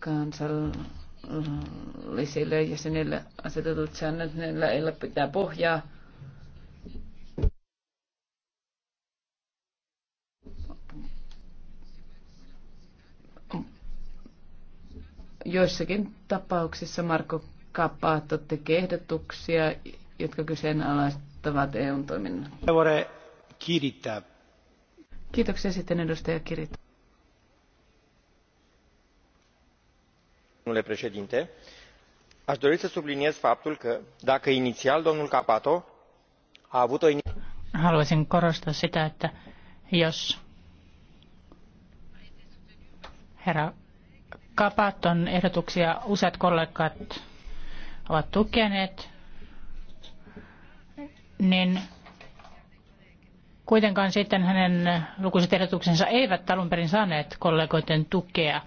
kansallisille jäsenille asetetut säännöt, niillä ei ole pitää pohjaa. Joissakin tapauksissa Marko Kapaatto kehdotuksia, jotka kyseenalaistavat EUn toiminnan. Kiritä. Kiitoksia sitten edustaja Kirita. Domnule președinte, aș dori să subliniez faptul că dacă inițial domnul Capato a avut o Haluaisin korostaa sitä, että jos herra Kapaton ehdotuksia useat kollegat ovat tukeneet, niin kuitenkaan sitten hänen lukuiset ehdotuksensa eivät alun perin saaneet kollegoiden tukea.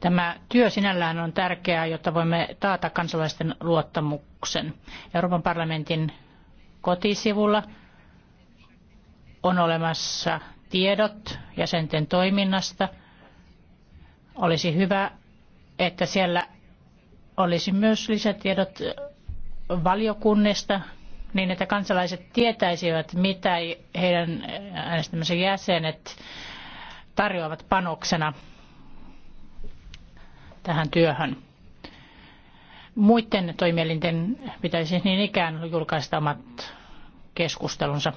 Tämä työ sinällään on tärkeää, jotta voimme taata kansalaisten luottamuksen. Euroopan parlamentin kotisivulla on olemassa tiedot jäsenten toiminnasta. Olisi hyvä, että siellä olisi myös lisätiedot valiokunnista niin, että kansalaiset tietäisivät, mitä heidän äänestämänsä jäsenet tarjoavat panoksena tähän työhön. Muiden toimielinten pitäisi niin ikään julkaista omat keskustelunsa.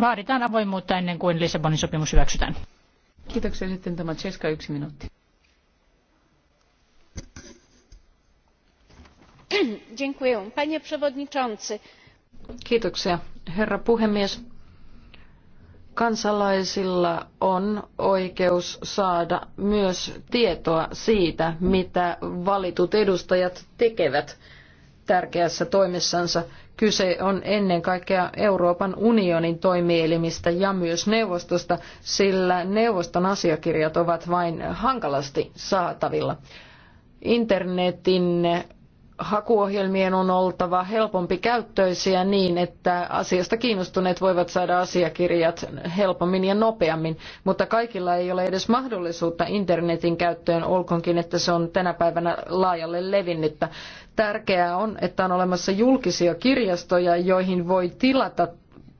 Vaaditaan avoimuutta ennen kuin Lissabonin sopimus hyväksytään. Kiitoksia sitten tämä Cheska yksi minuutti. *clears throat* Panie przewodniczący. Kiitoksia, herra puhemies. Kansalaisilla on oikeus saada myös tietoa siitä, mitä valitut edustajat tekevät tärkeässä toimessansa. Kyse on ennen kaikkea Euroopan unionin toimielimistä ja myös neuvostosta, sillä neuvoston asiakirjat ovat vain hankalasti saatavilla. Internetin hakuohjelmien on oltava helpompi käyttöisiä niin, että asiasta kiinnostuneet voivat saada asiakirjat helpommin ja nopeammin, mutta kaikilla ei ole edes mahdollisuutta internetin käyttöön, olkoonkin, että se on tänä päivänä laajalle levinnyttä. Tärkeää on, että on olemassa julkisia kirjastoja, joihin voi tilata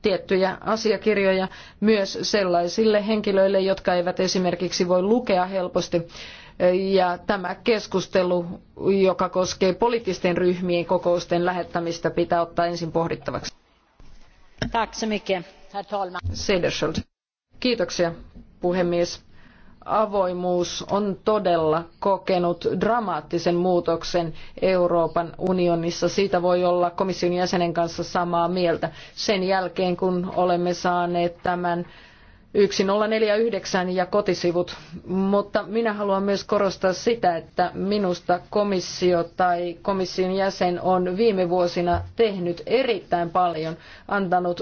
tiettyjä asiakirjoja myös sellaisille henkilöille, jotka eivät esimerkiksi voi lukea helposti. Ja tämä keskustelu, joka koskee poliittisten ryhmien kokousten lähettämistä, pitää ottaa ensin pohdittavaksi. Tack så mycket, herr talman. Kiitoksia, puhemies avoimuus on todella kokenut dramaattisen muutoksen Euroopan unionissa. Siitä voi olla komission jäsenen kanssa samaa mieltä sen jälkeen, kun olemme saaneet tämän 1049 ja kotisivut, mutta minä haluan myös korostaa sitä, että minusta komissio tai komission jäsen on viime vuosina tehnyt erittäin paljon, antanut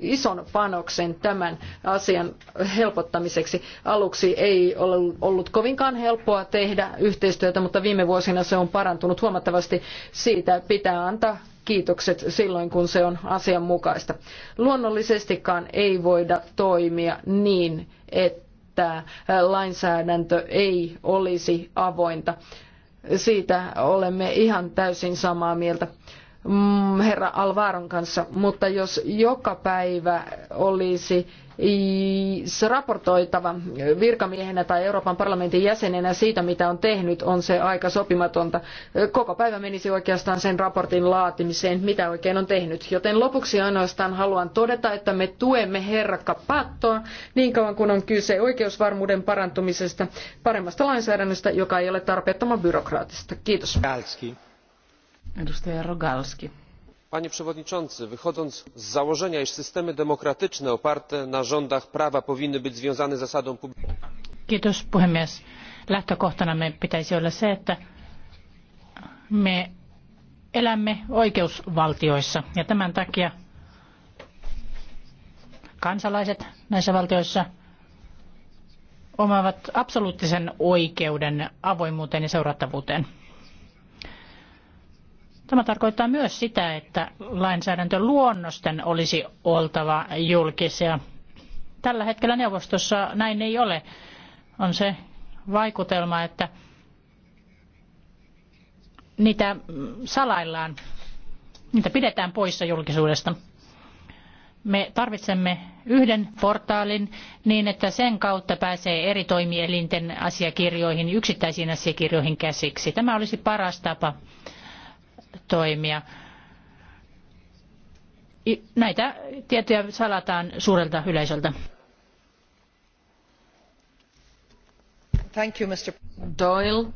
ison panoksen tämän asian helpottamiseksi. Aluksi ei ole ollut kovinkaan helppoa tehdä yhteistyötä, mutta viime vuosina se on parantunut huomattavasti. Siitä pitää antaa kiitokset silloin, kun se on asianmukaista. Luonnollisestikaan ei voida toimia niin, että äh, lainsäädäntö ei olisi avointa. Siitä olemme ihan täysin samaa mieltä mm, herra Alvaron kanssa, mutta jos joka päivä olisi raportoitava virkamiehenä tai Euroopan parlamentin jäsenenä siitä, mitä on tehnyt, on se aika sopimatonta. Koko päivä menisi oikeastaan sen raportin laatimiseen, mitä oikein on tehnyt. Joten lopuksi ainoastaan haluan todeta, että me tuemme herra Capattoa niin kauan kuin on kyse oikeusvarmuuden parantumisesta, paremmasta lainsäädännöstä, joka ei ole tarpeettoman byrokraattista. Kiitos. Edustaja Rogalski panie przewodniczący! wychodząc z założenia iż systemy demokratyczne oparte na rządach prawa powinny być związane zasadą lähtökohtanamme pitäisi olla se että me elämme oikeusvaltioissa ja tämän takia kansalaiset näissä valtioissa absoluuttisen oikeuden Tämä tarkoittaa myös sitä, että lainsäädäntöluonnosten olisi oltava julkisia. Tällä hetkellä neuvostossa näin ei ole. On se vaikutelma, että niitä salaillaan, niitä pidetään poissa julkisuudesta. Me tarvitsemme yhden portaalin niin, että sen kautta pääsee eri toimielinten asiakirjoihin, yksittäisiin asiakirjoihin käsiksi. Tämä olisi paras tapa toimia. Näitä tietoja salataan suurelta yleisöltä. Thank you, Mr. Doyle.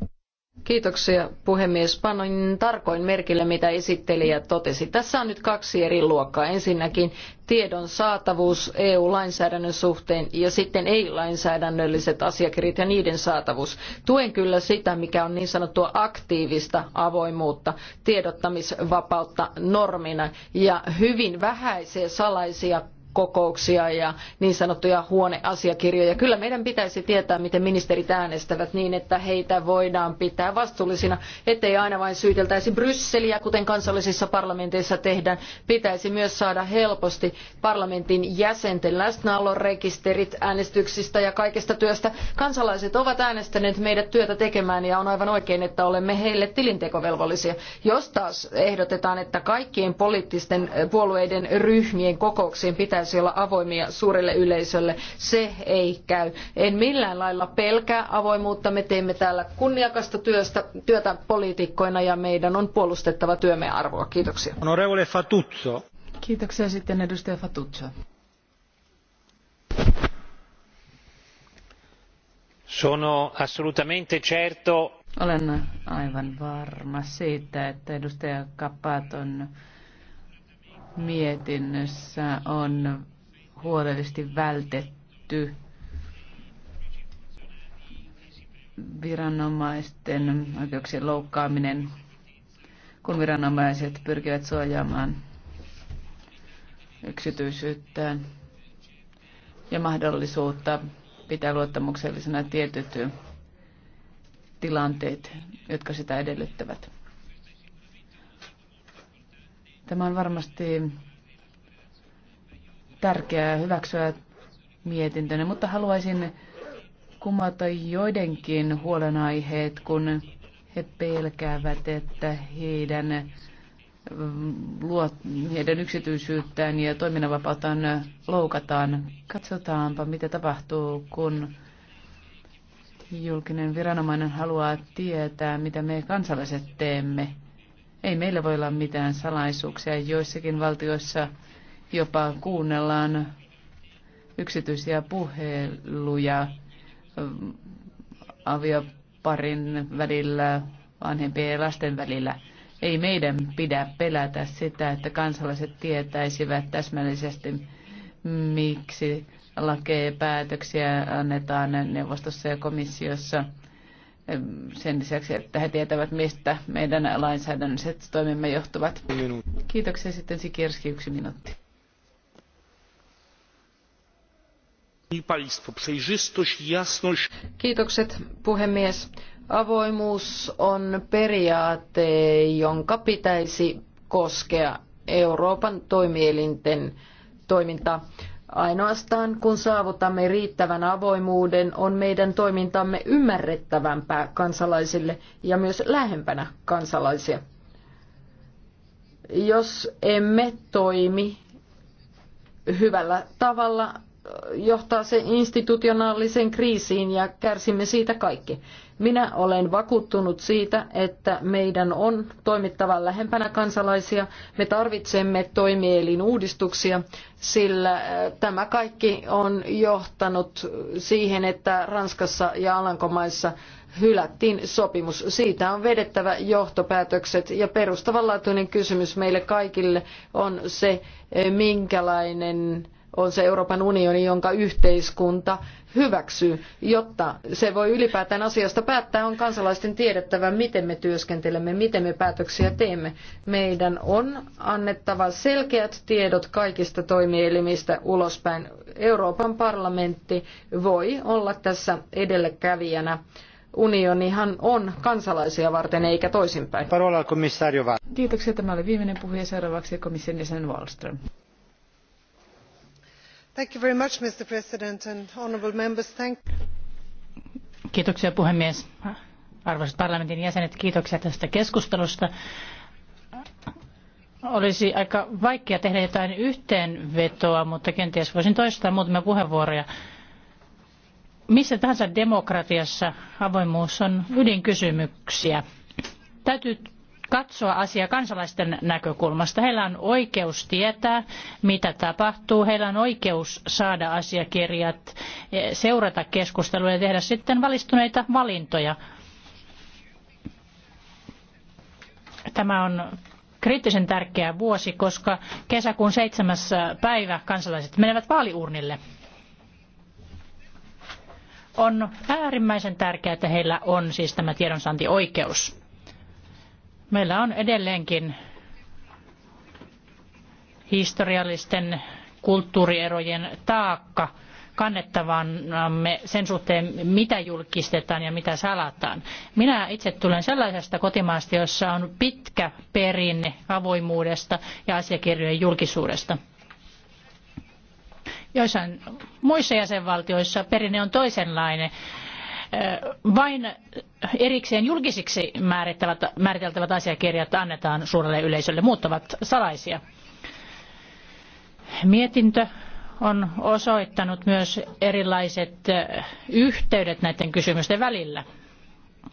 Kiitoksia puhemies. Panoin tarkoin merkille, mitä esittelijä totesi. Tässä on nyt kaksi eri luokkaa. Ensinnäkin tiedon saatavuus EU-lainsäädännön suhteen ja sitten ei-lainsäädännölliset asiakirjat ja niiden saatavuus. Tuen kyllä sitä, mikä on niin sanottua aktiivista avoimuutta, tiedottamisvapautta normina ja hyvin vähäisiä salaisia kokouksia ja niin sanottuja huoneasiakirjoja. Kyllä meidän pitäisi tietää, miten ministerit äänestävät niin, että heitä voidaan pitää vastuullisina, ettei aina vain syyteltäisi Brysseliä, kuten kansallisissa parlamenteissa tehdään. Pitäisi myös saada helposti parlamentin jäsenten läsnäolon rekisterit äänestyksistä ja kaikesta työstä. Kansalaiset ovat äänestäneet meidät työtä tekemään ja on aivan oikein, että olemme heille tilintekovelvollisia. Jos taas ehdotetaan, että kaikkien poliittisten puolueiden ryhmien kokouksiin pitäisi pitäisi olla avoimia suurelle yleisölle. Se ei käy. En millään lailla pelkää avoimuutta. Me teemme täällä kunniakasta työstä, työtä poliitikkoina ja meidän on puolustettava työmme arvoa. Kiitoksia. Onorevole Fatuzzo. Kiitoksia sitten edustaja Fatuzzo. Sono assolutamente certo. Olen aivan varma siitä, että edustaja Kapat on mietinnössä on huolellisesti vältetty viranomaisten oikeuksien loukkaaminen, kun viranomaiset pyrkivät suojaamaan yksityisyyttään ja mahdollisuutta pitää luottamuksellisena tietyt tilanteet, jotka sitä edellyttävät. Tämä on varmasti tärkeää hyväksyä mietintönä, mutta haluaisin kumata joidenkin huolenaiheet, kun he pelkäävät, että heidän, mm, luot, heidän yksityisyyttään ja toiminnanvapauttaan loukataan. Katsotaanpa, mitä tapahtuu, kun julkinen viranomainen haluaa tietää, mitä me kansalaiset teemme. Ei meillä voi olla mitään salaisuuksia. Joissakin valtioissa jopa kuunnellaan yksityisiä puheluja mm, avioparin välillä, vanhempien ja lasten välillä. Ei meidän pidä pelätä sitä, että kansalaiset tietäisivät täsmällisesti, miksi lakeja päätöksiä annetaan neuvostossa ja komissiossa – sen lisäksi, että he tietävät, mistä meidän lainsäädännölliset toimemme johtuvat. Kiitoksia sitten Sikirski, yksi minuutti. Kiitokset puhemies. Avoimuus on periaate, jonka pitäisi koskea Euroopan toimielinten toimintaa. Ainoastaan kun saavutamme riittävän avoimuuden, on meidän toimintamme ymmärrettävämpää kansalaisille ja myös lähempänä kansalaisia. Jos emme toimi hyvällä tavalla, johtaa se institutionaaliseen kriisiin ja kärsimme siitä kaikki. Minä olen vakuuttunut siitä, että meidän on toimittava lähempänä kansalaisia. Me tarvitsemme toimielin uudistuksia, sillä äh, tämä kaikki on johtanut siihen, että Ranskassa ja Alankomaissa hylättiin sopimus. Siitä on vedettävä johtopäätökset ja perustavanlaatuinen kysymys meille kaikille on se, äh, minkälainen on se Euroopan unioni, jonka yhteiskunta hyväksyy, jotta se voi ylipäätään asiasta päättää, on kansalaisten tiedettävä, miten me työskentelemme, miten me päätöksiä teemme. Meidän on annettava selkeät tiedot kaikista toimielimistä ulospäin. Euroopan parlamentti voi olla tässä edelläkävijänä. Unionihan on kansalaisia varten eikä toisinpäin. Parola komissario Kiitoksia. Tämä oli viimeinen puhuja. Seuraavaksi komission jäsen Wallström arvoisa Kiitoksia puhemies. Arvoisat parlamentin jäsenet, kiitoksia tästä keskustelusta. Olisi aika vaikea tehdä jotain yhteenvetoa, mutta kenties voisin toistaa muutamia puheenvuoroja. Missä tahansa demokratiassa avoimuus on ydinkysymyksiä. Täytyy katsoa asiaa kansalaisten näkökulmasta. Heillä on oikeus tietää, mitä tapahtuu. Heillä on oikeus saada asiakirjat, eh, seurata keskustelua ja tehdä sitten valistuneita valintoja. Tämä on kriittisen tärkeä vuosi, koska kesäkuun seitsemäs päivä kansalaiset menevät vaaliurnille. On äärimmäisen tärkeää, että heillä on siis tämä tiedonsaantioikeus. Meillä on edelleenkin historiallisten kulttuurierojen taakka kannettavanamme sen suhteen, mitä julkistetaan ja mitä salataan. Minä itse tulen sellaisesta kotimaasta, jossa on pitkä perinne avoimuudesta ja asiakirjojen julkisuudesta. Joissain muissa jäsenvaltioissa perinne on toisenlainen vain erikseen julkisiksi määriteltävät asiakirjat annetaan suurelle yleisölle, muut ovat salaisia. Mietintö on osoittanut myös erilaiset yhteydet näiden kysymysten välillä.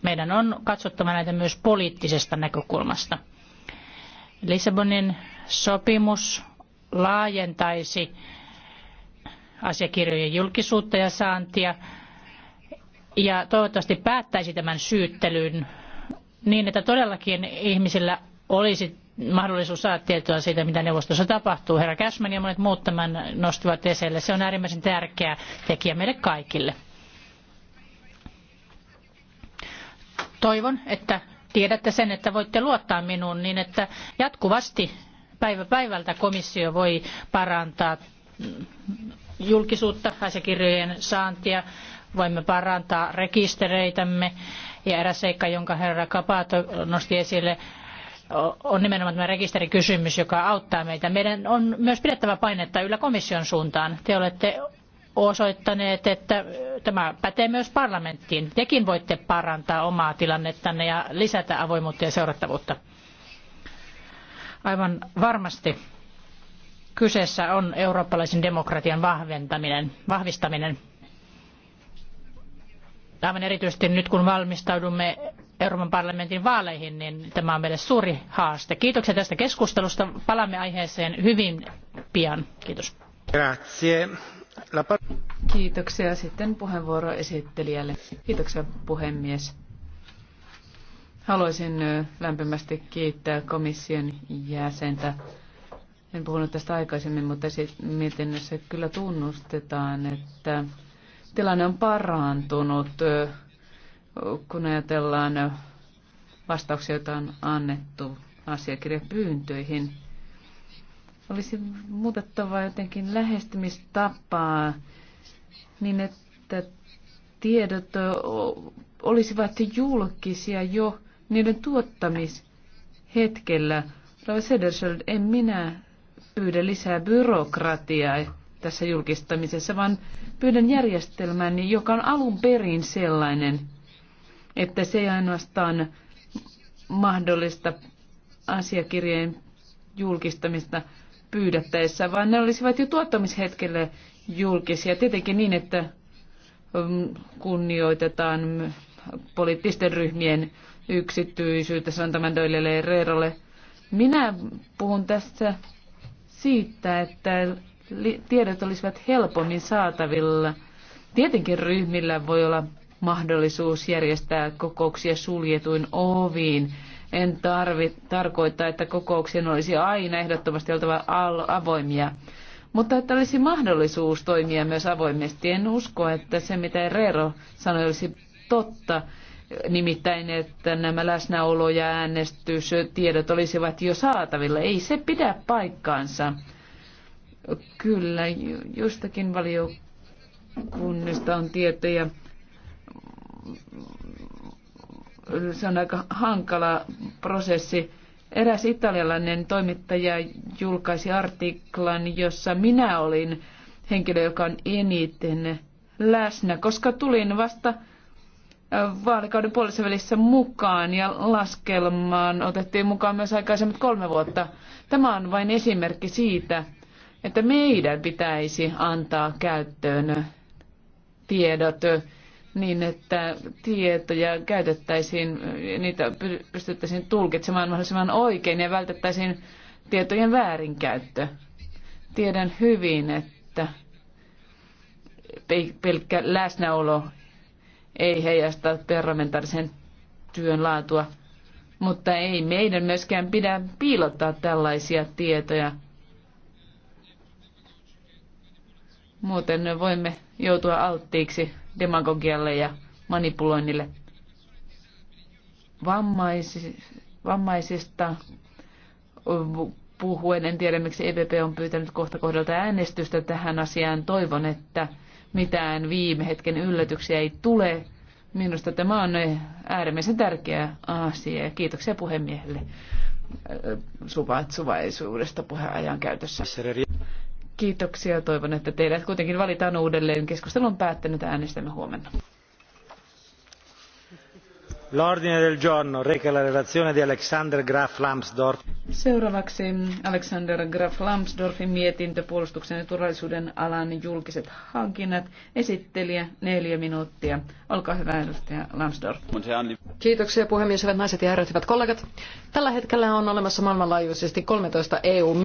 Meidän on katsottava näitä myös poliittisesta näkökulmasta. Lissabonin sopimus laajentaisi asiakirjojen julkisuutta ja saantia ja toivottavasti päättäisi tämän syyttelyn niin, että todellakin ihmisillä olisi mahdollisuus saada tietoa siitä, mitä neuvostossa tapahtuu. Herra Cashman ja monet muut tämän nostivat esille. Se on äärimmäisen tärkeä tekijä meille kaikille. Toivon, että tiedätte sen, että voitte luottaa minuun niin, että jatkuvasti päivä päivältä komissio voi parantaa julkisuutta, asiakirjojen saantia, voimme parantaa rekistereitämme. Ja eräs seikka, jonka herra Kapato nosti esille, on nimenomaan tämä rekisterikysymys, joka auttaa meitä. Meidän on myös pidettävä painetta yllä komission suuntaan. Te olette osoittaneet, että tämä pätee myös parlamenttiin. Tekin voitte parantaa omaa tilannettanne ja lisätä avoimuutta ja seurattavuutta. Aivan varmasti kyseessä on eurooppalaisen demokratian vahvistaminen aivan erityisesti nyt kun valmistaudumme Euroopan parlamentin vaaleihin, niin tämä on meille suuri haaste. Kiitoksia tästä keskustelusta. Palaamme aiheeseen hyvin pian. Kiitos. Grazie. Kiitoksia. Sitten puheenvuoro esittelijälle. Kiitoksia puhemies. Haluaisin lämpimästi kiittää komission jäsentä. En puhunut tästä aikaisemmin, mutta mietinnössä kyllä tunnustetaan, että tilanne on parantunut, kun ajatellaan vastauksia, joita on annettu asiakirjapyyntöihin. Olisi muutettava jotenkin lähestymistapaa niin, että tiedot olisivat julkisia jo niiden tuottamishetkellä. Rava Sedersöld, en minä pyydä lisää byrokratiaa tässä julkistamisessa, vaan pyydän järjestelmän, joka on alun perin sellainen, että se ei ainoastaan mahdollista asiakirjeen julkistamista pyydettäessä, vaan ne olisivat jo tuottamishetkelle julkisia. Tietenkin niin, että mm, kunnioitetaan poliittisten ryhmien yksityisyyttä, sanon tämän Doilelle ja Reerolle. Minä puhun tässä siitä, että tiedot olisivat helpommin saatavilla. Tietenkin ryhmillä voi olla mahdollisuus järjestää kokouksia suljetuin oviin. En tarvi, tarkoita, että kokouksien olisi aina ehdottomasti oltava avoimia, mutta että olisi mahdollisuus toimia myös avoimesti. En usko, että se mitä Rero sanoi olisi totta, nimittäin että nämä läsnäolo- ja äänestystiedot olisivat jo saatavilla. Ei se pidä paikkaansa. Kyllä, jostakin valiokunnista on tietoja. Se on aika hankala prosessi. Eräs italialainen toimittaja julkaisi artiklan, jossa minä olin henkilö, joka on eniten läsnä, koska tulin vasta vaalikauden puolessa välissä mukaan ja laskelmaan otettiin mukaan myös aikaisemmat kolme vuotta. Tämä on vain esimerkki siitä, että meidän pitäisi antaa käyttöön tiedot niin, että tietoja käytettäisiin, niitä pystyttäisiin tulkitsemaan mahdollisimman oikein ja vältettäisiin tietojen väärinkäyttö. Tiedän hyvin, että pelkkä läsnäolo ei heijasta parlamentaarisen työn laatua, mutta ei meidän myöskään pidä piilottaa tällaisia tietoja Muuten voimme joutua alttiiksi demagogialle ja manipuloinnille. Vammaisi, vammaisista puhuen, en tiedä miksi EPP on pyytänyt kohta kohdalta äänestystä tähän asiaan. Toivon, että mitään viime hetken yllätyksiä ei tule. Minusta tämä on äärimmäisen tärkeä asia. Kiitoksia puhemiehelle äh, suvaitsuvaisuudesta puheajan käytössä. Kiitoksia. Toivon, että teidät kuitenkin valitaan uudelleen. Keskustelu on päättänyt. Äänestämme huomenna. L'ordine del giorno reca la relazione di Alexander Graf Lambsdorff. Seuraavaksi Alexander Graf Lambsdorffin mietintö puolustuksen ja turvallisuuden alan julkiset hankinnat. Esittelijä neljä minuuttia. Olkaa hyvä edustaja Lambsdorff. Kiitoksia puhemies, hyvät naiset ja herrat, hyvät kollegat. Tällä hetkellä on olemassa maailmanlaajuisesti 13 EU